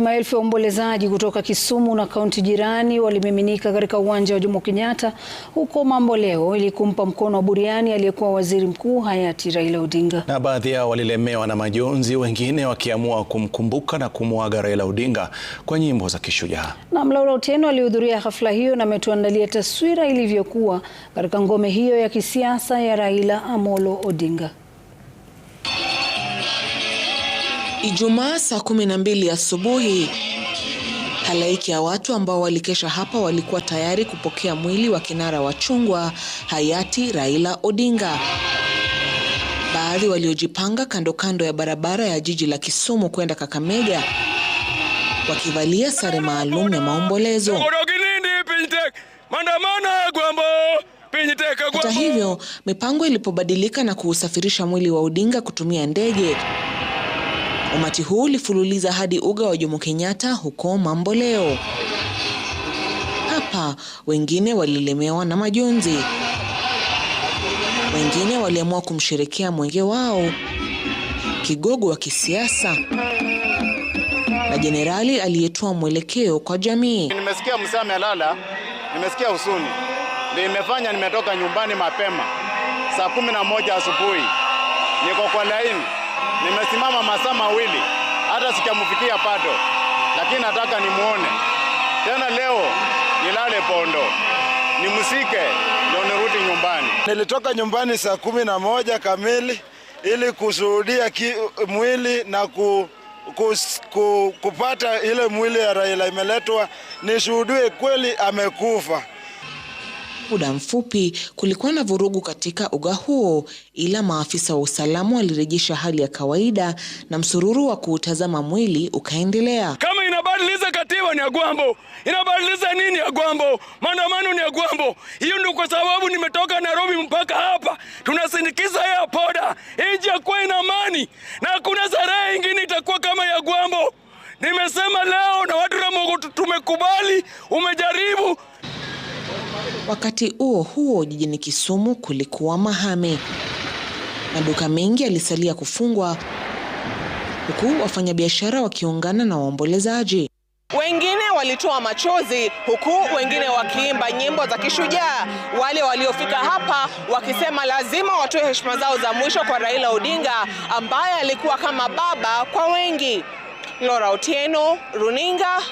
Maelfu ya waombolezaji kutoka Kisumu na kaunti jirani walimiminika katika uwanja wa Jomo Kenyatta huko Mamboleo ili kumpa mkono wa buriani aliyekuwa waziri mkuu hayati Raila Odinga. Na baadhi yao walilemewa na majonzi, wengine wakiamua kumkumbuka na kumwaga Raila Odinga kwa nyimbo za kishujaa. Na Mlaula Otieno alihudhuria hafla hiyo na ametuandalia taswira ilivyokuwa katika ngome hiyo ya kisiasa ya Raila Amolo Odinga. Ijumaa saa kumi na mbili asubuhi, halaiki ya watu ambao walikesha hapa walikuwa tayari kupokea mwili wa kinara wa chungwa hayati Raila Odinga. Baadhi waliojipanga kando kando ya barabara ya jiji la Kisumu kwenda Kakamega wakivalia sare maalum ya maombolezo. Hata hivyo, mipango ilipobadilika na kuusafirisha mwili wa Odinga kutumia ndege Umati huu ulifululiza hadi uga wa Jomo Kenyatta huko Mamboleo. Hapa wengine walilemewa na majonzi, wengine waliamua kumsherekea mwenge wao kigogo wa kisiasa na jenerali aliyetoa mwelekeo kwa jamii. Nimesikia mzee amelala, nimesikia huzuni, ndio imefanya nimetoka nyumbani mapema saa kumi na moja asubuhi, niko kwa laini Nimesimama masaa mawili hata sikamfikia pato, lakini nataka nimuone tena. Leo nilale pondo, nimsike ndio nirudi nyumbani. Nilitoka nyumbani saa kumi na moja kamili ili kushuhudia mwili na ku, ku, ku, kupata ile mwili ya Raila imeletwa nishuhudie kweli amekufa muda mfupi kulikuwa na vurugu katika uga huo, ila maafisa wa usalama walirejesha hali ya kawaida na msururu wa kuutazama mwili ukaendelea. Kama inabadiliza katiba ni agwambo, inabadiliza nini agwambo? Maandamano ni agwambo. Hiyo ndio kwa sababu nimetoka Nairobi mpaka hapa, tunasindikiza ya poda inji yakuwa ina amani na hakuna zarehe ingine itakuwa kama ya agwambo. Nimesema leo na watu tumekubali, umejaribu Wakati huo huo, jijini Kisumu kulikuwa mahame. Maduka mengi yalisalia kufungwa huku wafanyabiashara wakiungana na waombolezaji. Wengine walitoa machozi huku wengine wakiimba nyimbo za kishujaa, wale waliofika hapa wakisema lazima watoe heshima zao za mwisho kwa Raila Odinga ambaye alikuwa kama baba kwa wengi. Laura Otieno, Runinga